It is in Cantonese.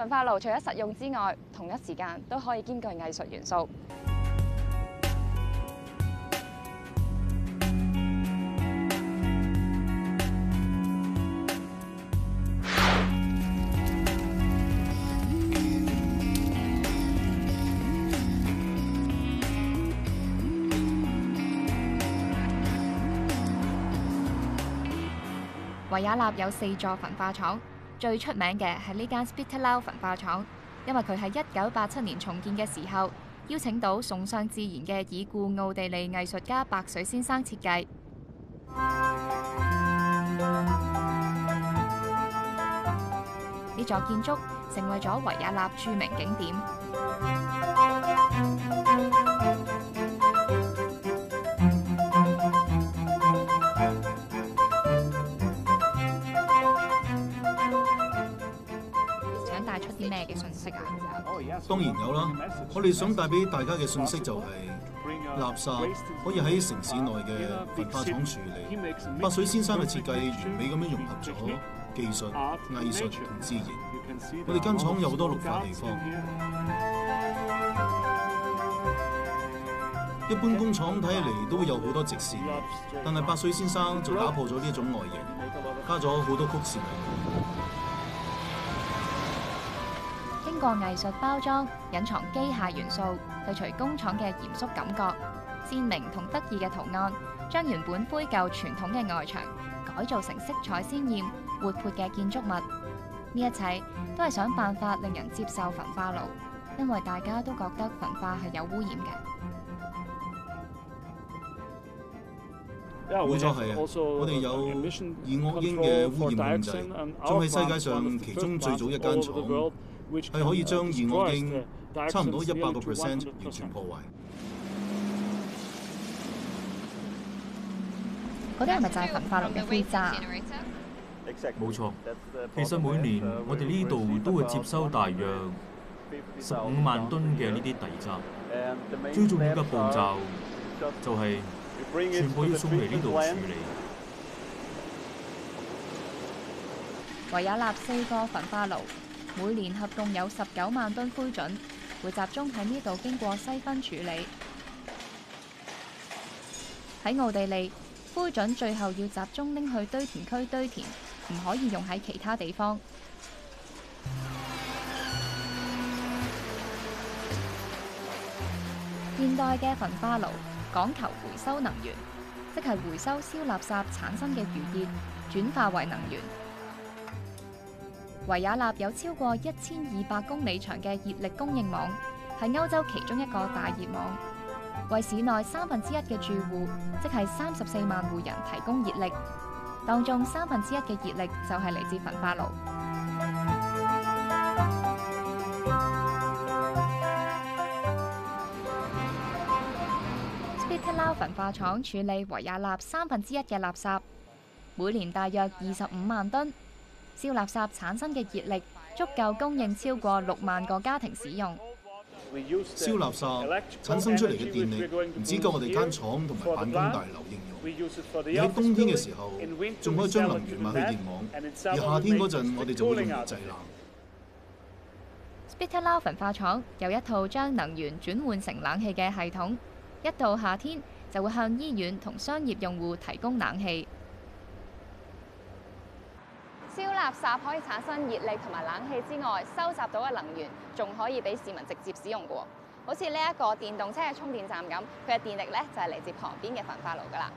焚化爐除咗實用之外，同一時間都可以兼具藝術元素。維也納有四座焚化廠。最出名嘅係呢間 Spittelau 焚化廠，因為佢喺一九八七年重建嘅時候，邀請到崇尚自然嘅已故奧地利藝術家百水先生設計。呢座建築成為咗維也納著名景點。咩嘅信息啊？Oh, yes，當然有啦，我哋想帶俾大家嘅信息就係垃圾可以喺城市內嘅焚化廠處理。百水先生嘅設計完美咁樣融合咗技術、藝術同自然。我哋間廠有好多綠化地方。一般工廠睇起嚟都會有好多直線，但係百水先生就打破咗呢一種外形，加咗好多曲線。個藝術包裝隱藏機械元素，去除工廠嘅嚴肅感覺，鮮明同得意嘅圖案，將原本灰舊傳統嘅外牆改造成色彩鮮艷活潑嘅建築物。呢一切都係想辦法令人接受焚化爐，因為大家都覺得焚化係有污染嘅。冇錯係啊，我哋有二噁英嘅污染控制，仲係世界上其中最早一間廠。係可以將二噁英差唔多一百個 percent 完全破壞。嗰啲係咪就係焚化爐嘅灰渣？冇錯，其實每年我哋呢度都會接收大約十五萬噸嘅呢啲底渣。最重要嘅步驟就係全部要送嚟呢度處理。維也納四個焚化爐。每年合共有十九萬噸灰燼會集中喺呢度經過篩分處理。喺奧地利，灰燼最後要集中拎去堆填區堆填，唔可以用喺其他地方。現代嘅焚化爐講求回收能源，即係回收燒垃圾產生嘅餘熱，轉化為能源。維也納有超過一千二百公里長嘅熱力供應網，係歐洲其中一個大熱網，為市內三分之一嘅住戶，即係三十四萬戶人提供熱力。當中三分之一嘅熱力就係嚟自焚化爐。 Spittelau 焚化廠處理維也納三分之一嘅垃圾，每年大約二十五萬噸。燒垃圾產生嘅熱力足夠供應超過六萬個家庭使用。燒垃圾產生出嚟嘅電力唔止夠我哋間廠同埋辦公大樓應用，而喺冬天嘅時候仲可以將能源賣去電網，而夏天嗰陣我哋就會用嚟製冷。Spittelau 焚化廠有一套將能源轉換成冷氣嘅系統，一到夏天就會向醫院同商業用戶提供冷氣。燒垃圾可以產生熱力同埋冷氣之外，收集到嘅能源仲可以俾市民直接使用嘅，好似呢一個電動車嘅充電站咁，佢嘅電力咧就係嚟自旁邊嘅焚化爐㗎喇。